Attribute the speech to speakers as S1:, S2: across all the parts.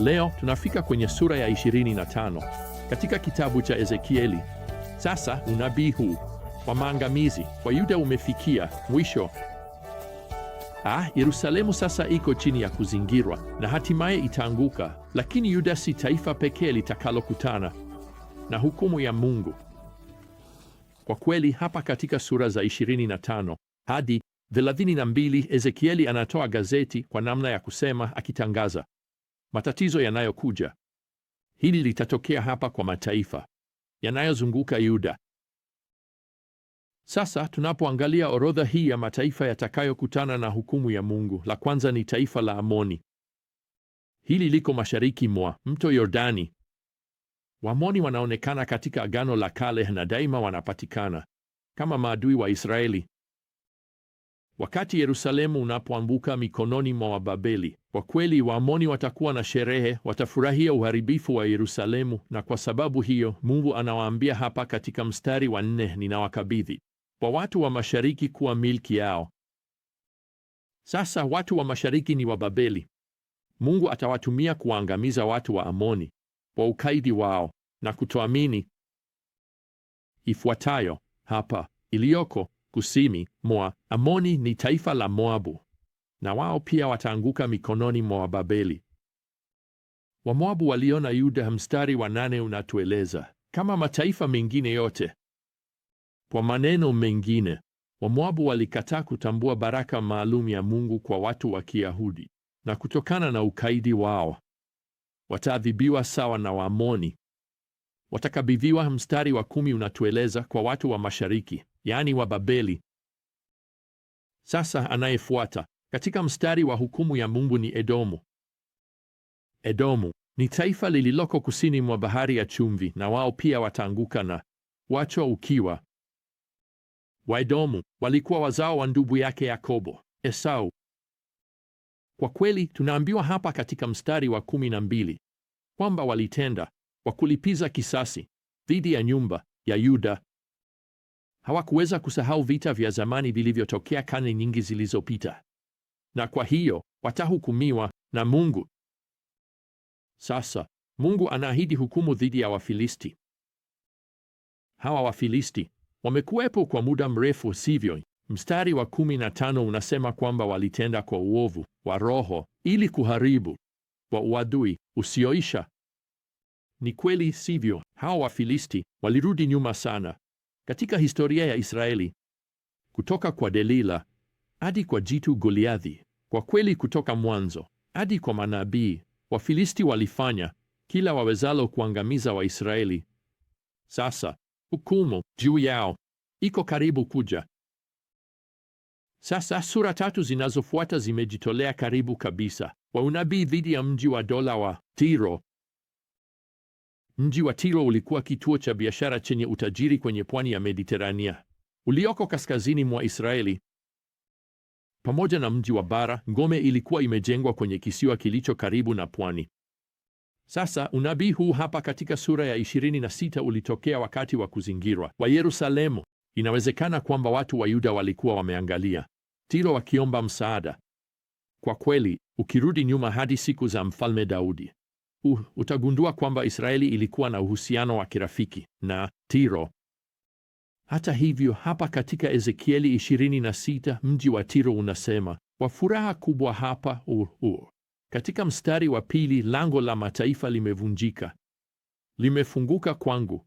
S1: Leo tunafika kwenye sura ya 25 katika kitabu cha Ezekieli. Sasa unabii huu wa maangamizi kwa Yuda umefikia mwisho. Ah, Yerusalemu sasa iko chini ya kuzingirwa na hatimaye itaanguka, lakini Yuda si taifa pekee litakalokutana na hukumu ya Mungu. Kwa kweli hapa katika sura za 25 hadi 32 Ezekieli anatoa gazeti kwa namna ya kusema, akitangaza matatizo yanayokuja. Hili litatokea hapa kwa mataifa yanayozunguka Yuda. Sasa tunapoangalia orodha hii ya mataifa yatakayokutana na hukumu ya Mungu, la kwanza ni taifa la Amoni. Hili liko mashariki mwa mto Yordani. Waamoni wanaonekana katika Agano la Kale na daima wanapatikana kama maadui wa Israeli. Wakati Yerusalemu unapoanguka mikononi mwa Wababeli, kwa kweli Waamoni watakuwa na sherehe, watafurahia uharibifu wa Yerusalemu. Na kwa sababu hiyo, Mungu anawaambia hapa katika mstari wa nne, ninawakabidhi kwa watu wa mashariki kuwa milki yao. Sasa watu wa mashariki ni Wababeli. Mungu atawatumia kuwaangamiza watu wa Amoni kwa ukaidi wao na kutoamini. Ifuatayo hapa iliyoko kusini mwa Amoni ni taifa la Moabu, na wao pia wataanguka mikononi mwa Wababeli. Wamoabu waliona Yuda. Mstari wa nane unatueleza kama mataifa mengine yote. Kwa maneno mengine, Wamoabu walikataa kutambua baraka maalum ya Mungu kwa watu wa Kiyahudi, na kutokana na ukaidi wao wataadhibiwa sawa na Waamoni. Watakabidhiwa, mstari wa kumi unatueleza, kwa watu wa mashariki yani wa Babeli. Sasa anayefuata katika mstari wa hukumu ya Mungu ni Edomu. Edomu ni taifa lililoko kusini mwa bahari ya chumvi, na wao pia wataanguka na wacho ukiwa. Waedomu walikuwa wazao wa ndugu yake Yakobo, Esau. Kwa kweli tunaambiwa hapa katika mstari wa kumi na mbili kwamba walitenda kwa kulipiza kisasi dhidi ya nyumba ya Yuda Hawakuweza kusahau vita vya zamani vilivyotokea karne nyingi zilizopita, na kwa hiyo watahukumiwa na Mungu. Sasa Mungu anaahidi hukumu dhidi ya Wafilisti. Hawa Wafilisti wamekuwepo kwa muda mrefu, sivyo? Mstari wa kumi na tano unasema kwamba walitenda kwa uovu wa roho ili kuharibu wa uadui usioisha. Ni kweli, sivyo? Hawa Wafilisti walirudi nyuma sana katika historia ya Israeli, kutoka kwa Delila hadi kwa jitu Goliathi, kwa kweli kutoka mwanzo hadi kwa manabii, Wafilisti walifanya kila wawezalo kuangamiza Waisraeli. Sasa hukumu juu yao iko karibu kuja. Sasa sura tatu zinazofuata zimejitolea karibu kabisa wa unabii dhidi ya mji wa dola wa Tiro Mji wa Tiro ulikuwa kituo cha biashara chenye utajiri kwenye pwani ya Mediterania ulioko kaskazini mwa Israeli. Pamoja na mji wa bara, ngome ilikuwa imejengwa kwenye kisiwa kilicho karibu na pwani. Sasa unabii huu hapa katika sura ya 26 ulitokea wakati wa kuzingirwa wa Yerusalemu. Inawezekana kwamba watu wa Yuda walikuwa wameangalia Tiro wakiomba msaada. Kwa kweli, ukirudi nyuma hadi siku za Mfalme Daudi, uh, utagundua kwamba Israeli ilikuwa na uhusiano wa kirafiki na Tiro. Hata hivyo, hapa katika Ezekieli 26 mji wa Tiro unasema kwa furaha kubwa hapa uh, uh. Katika mstari wa pili, lango la mataifa limevunjika, limefunguka kwangu,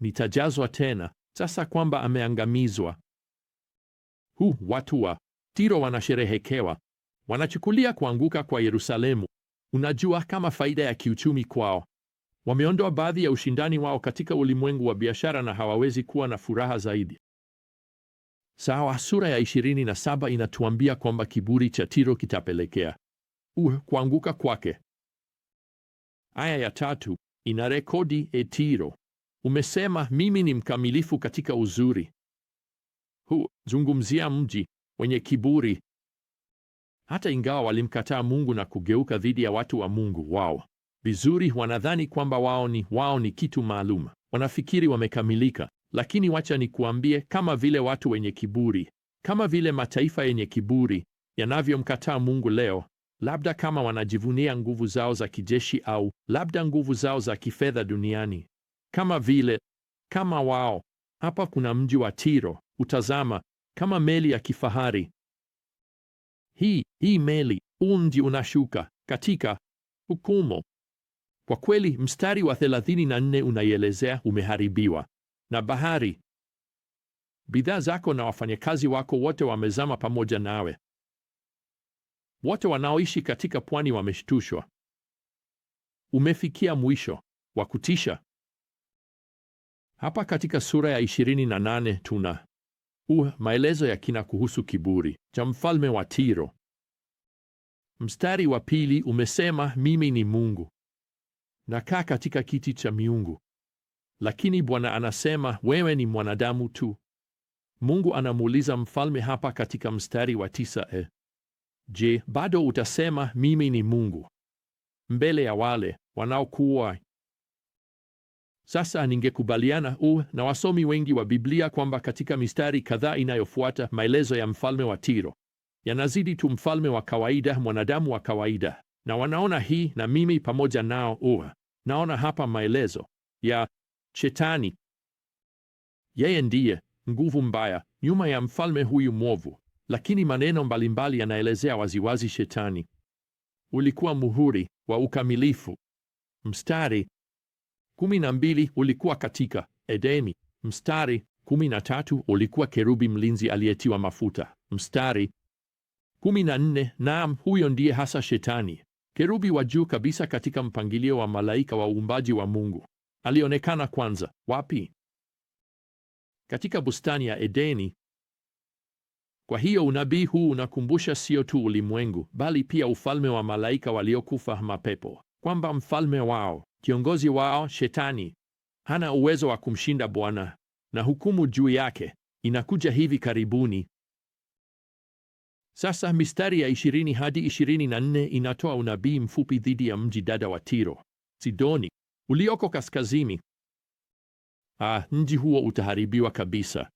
S1: nitajazwa tena sasa kwamba ameangamizwa. Hu watu wa Tiro wanasherehekewa, wanachukulia kuanguka kwa Yerusalemu Unajua, kama faida ya kiuchumi kwao. Wameondoa baadhi ya ushindani wao katika ulimwengu wa biashara na hawawezi kuwa na furaha zaidi. Sawa, sura ya 27 inatuambia kwamba kiburi cha Tiro kitapelekea uh, kuanguka kwake. Aya ya tatu inarekodi e, Tiro umesema mimi ni mkamilifu katika uzuri. zungumzia mji wenye kiburi hata ingawa walimkataa Mungu na kugeuka dhidi ya watu wa Mungu wao, vizuri, wanadhani kwamba wao ni wao ni kitu maalum, wanafikiri wamekamilika. Lakini wacha nikuambie, kama vile watu wenye kiburi, kama vile mataifa yenye kiburi yanavyomkataa Mungu leo, labda kama wanajivunia nguvu zao za kijeshi au labda nguvu zao za kifedha duniani, kama vile kama wao hapa kuna mji wa Tiro, utazama kama meli ya kifahari hii hii meli undi unashuka katika hukumu. Kwa kweli mstari wa 34 unaielezea umeharibiwa na bahari, bidhaa zako na wafanyakazi wako wote wamezama pamoja nawe. Wote wanaoishi katika pwani wameshtushwa. Umefikia mwisho wa kutisha. Hapa katika sura ya 28 tuna u maelezo ya kina kuhusu kiburi cha mfalme wa Tiro. Mstari wa pili umesema mimi ni Mungu, nakaa katika kiti cha miungu. Lakini Bwana anasema wewe ni mwanadamu tu. Mungu anamuuliza mfalme hapa katika mstari wa tisa e, je, bado utasema mimi ni Mungu mbele ya wale wanaokuwa sasa ningekubaliana u uh, na wasomi wengi wa Biblia kwamba katika mistari kadhaa inayofuata maelezo ya mfalme wa Tiro yanazidi tu mfalme wa kawaida, mwanadamu wa kawaida, na wanaona hii, na mimi pamoja nao u uh, naona hapa maelezo ya Shetani. Yeye ndiye nguvu mbaya nyuma ya mfalme huyu mwovu, lakini maneno mbalimbali yanaelezea waziwazi Shetani ulikuwa muhuri wa ukamilifu. Mstari kumi na mbili ulikuwa katika Edeni. Mstari kumi na tatu ulikuwa kerubi mlinzi aliyetiwa mafuta. Mstari kumi na nne naam, huyo ndiye hasa Shetani, kerubi wa juu kabisa katika mpangilio wa malaika wa uumbaji wa Mungu. Alionekana kwanza wapi? Katika bustani ya Edeni. Kwa hiyo unabii huu unakumbusha sio tu ulimwengu, bali pia ufalme wa malaika waliokufa mapepo, kwamba mfalme wao Kiongozi wao Shetani hana uwezo wa kumshinda Bwana, na hukumu juu yake inakuja hivi karibuni. Sasa mistari ya 20 hadi 24 inatoa unabii mfupi dhidi ya mji dada wa Tiro, Sidoni ulioko kaskazini. Ah, mji huo utaharibiwa kabisa.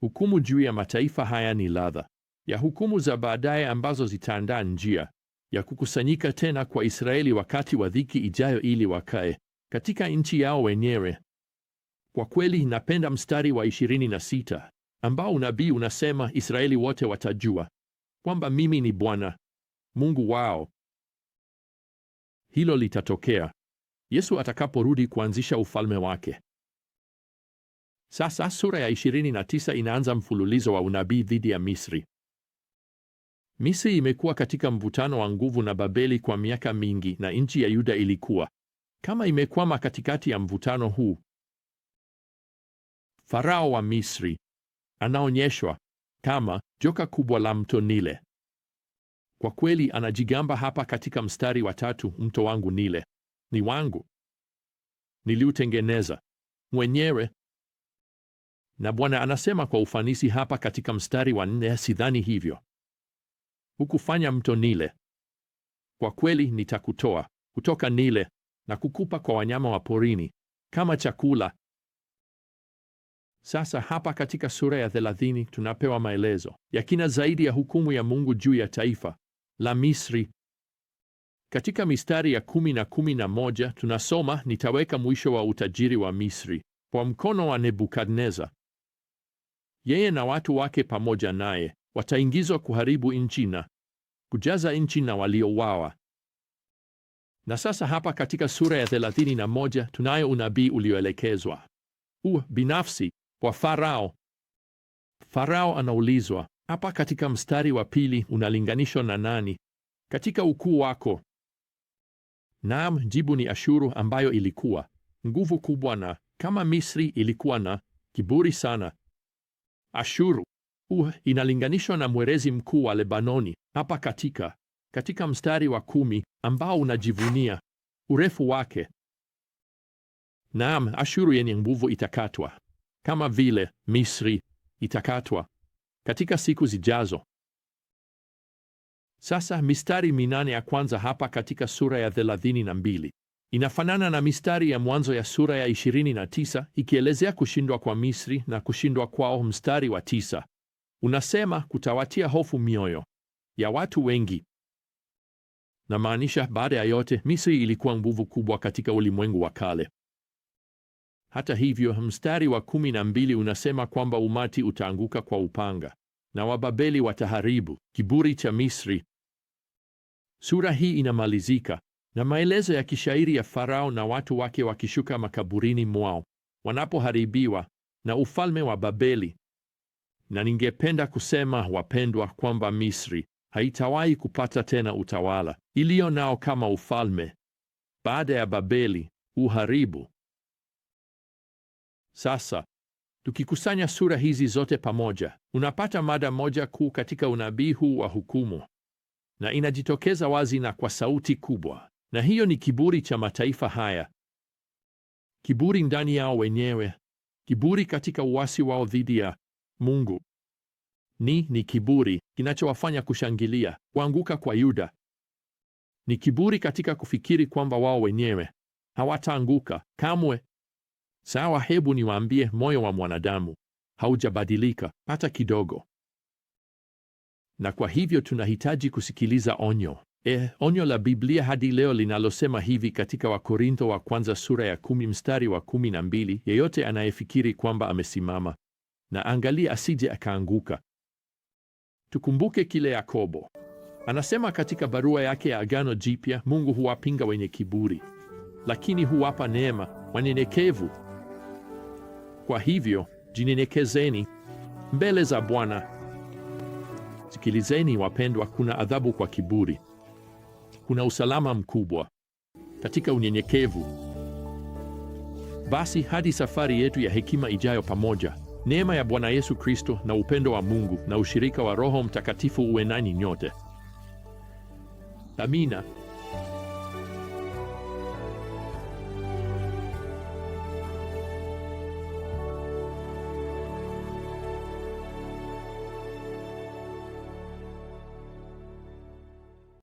S1: Hukumu juu ya mataifa haya ni ladha ya hukumu za baadaye ambazo zitaandaa njia ya kukusanyika tena kwa Israeli wakati wa dhiki ijayo ili wakae katika nchi yao wenyewe. Kwa kweli napenda mstari wa 26 ambao unabii unasema Israeli wote watajua kwamba mimi ni Bwana Mungu wao. Hilo litatokea Yesu atakaporudi kuanzisha ufalme wake. Sasa sura ya 29 inaanza mfululizo wa unabii dhidi ya Misri. Misri imekuwa katika mvutano wa nguvu na Babeli kwa miaka mingi, na nchi ya Yuda ilikuwa kama imekwama katikati ya mvutano huu. Farao wa Misri anaonyeshwa kama joka kubwa la mto Nile. Kwa kweli anajigamba hapa katika mstari wa tatu, mto wangu Nile ni wangu, niliutengeneza mwenyewe. Na Bwana anasema kwa ufanisi hapa katika mstari wa nne, sidhani hivyo hukufanya mto Nile. Kwa kweli nitakutoa kutoka Nile na kukupa kwa wanyama wa porini kama chakula. Sasa hapa katika sura ya 30 tunapewa maelezo ya kina zaidi ya hukumu ya Mungu juu ya taifa la Misri. Katika mistari ya kumi na kumi na moja tunasoma, nitaweka mwisho wa utajiri wa Misri kwa mkono wa Nebukadneza, yeye na watu wake pamoja naye, wataingizwa kuharibu nchi na kujaza nchi na waliouawa. Na sasa hapa katika sura ya moja tunayo unabii ulioelekezwa u binafsi kwa Farao. Farao anaulizwa hapa katika mstari wa pili, unalinganishwa na nani katika ukuu wako? Naam, jibu ni Ashuru ambayo ilikuwa nguvu kubwa na kama Misri ilikuwa na kiburi sana. Ashuru uh, inalinganishwa na mwerezi mkuu wa Lebanoni hapa katika katika mstari wa kumi ambao unajivunia urefu wake. Naam, Ashuru yenye nguvu itakatwa kama vile Misri itakatwa katika siku zijazo. Sasa mistari minane ya kwanza hapa katika sura ya mbili inafanana na mistari ya mwanzo ya sura ya 29 ikielezea kushindwa kwa Misri na kushindwa kwao, mstari wa tisa unasema kutawatia hofu mioyo ya watu wengi. Namaanisha, baada ya yote, Misri ilikuwa nguvu kubwa katika ulimwengu wa kale. Hata hivyo, mstari wa kumi na mbili unasema kwamba umati utaanguka kwa upanga na Wababeli wataharibu kiburi cha Misri. Sura hii inamalizika na maelezo ya kishairi ya Farao na watu wake wakishuka makaburini mwao wanapoharibiwa na ufalme wa Babeli na ningependa kusema wapendwa, kwamba Misri haitawahi kupata tena utawala iliyo nao kama ufalme baada ya Babeli uharibu. Sasa tukikusanya sura hizi zote pamoja, unapata mada moja kuu katika unabii huu wa hukumu, na inajitokeza wazi na kwa sauti kubwa, na hiyo ni kiburi cha mataifa haya, kiburi ndani yao wenyewe, kiburi katika uasi wao dhidi ya Mungu. Ni ni kiburi kinachowafanya kushangilia kuanguka kwa Yuda. Ni kiburi katika kufikiri kwamba wao wenyewe hawataanguka kamwe. Sawa, hebu niwaambie, moyo wa mwanadamu haujabadilika hata kidogo, na kwa hivyo tunahitaji kusikiliza onyo e, onyo la Biblia hadi leo linalosema hivi katika Wakorintho wa kwanza sura ya kumi mstari wa kumi na mbili yeyote anayefikiri kwamba amesimama na angalia asije akaanguka. Tukumbuke kile Yakobo anasema katika barua yake ya Agano Jipya: Mungu huwapinga wenye kiburi, lakini huwapa neema wanyenyekevu. Kwa hivyo jinyenyekezeni mbele za Bwana. Sikilizeni wapendwa, kuna adhabu kwa kiburi, kuna usalama mkubwa katika unyenyekevu. Basi hadi safari yetu ya hekima ijayo pamoja. Neema ya Bwana Yesu Kristo na upendo wa Mungu na ushirika wa Roho Mtakatifu uwe nanyi nyote. Amina.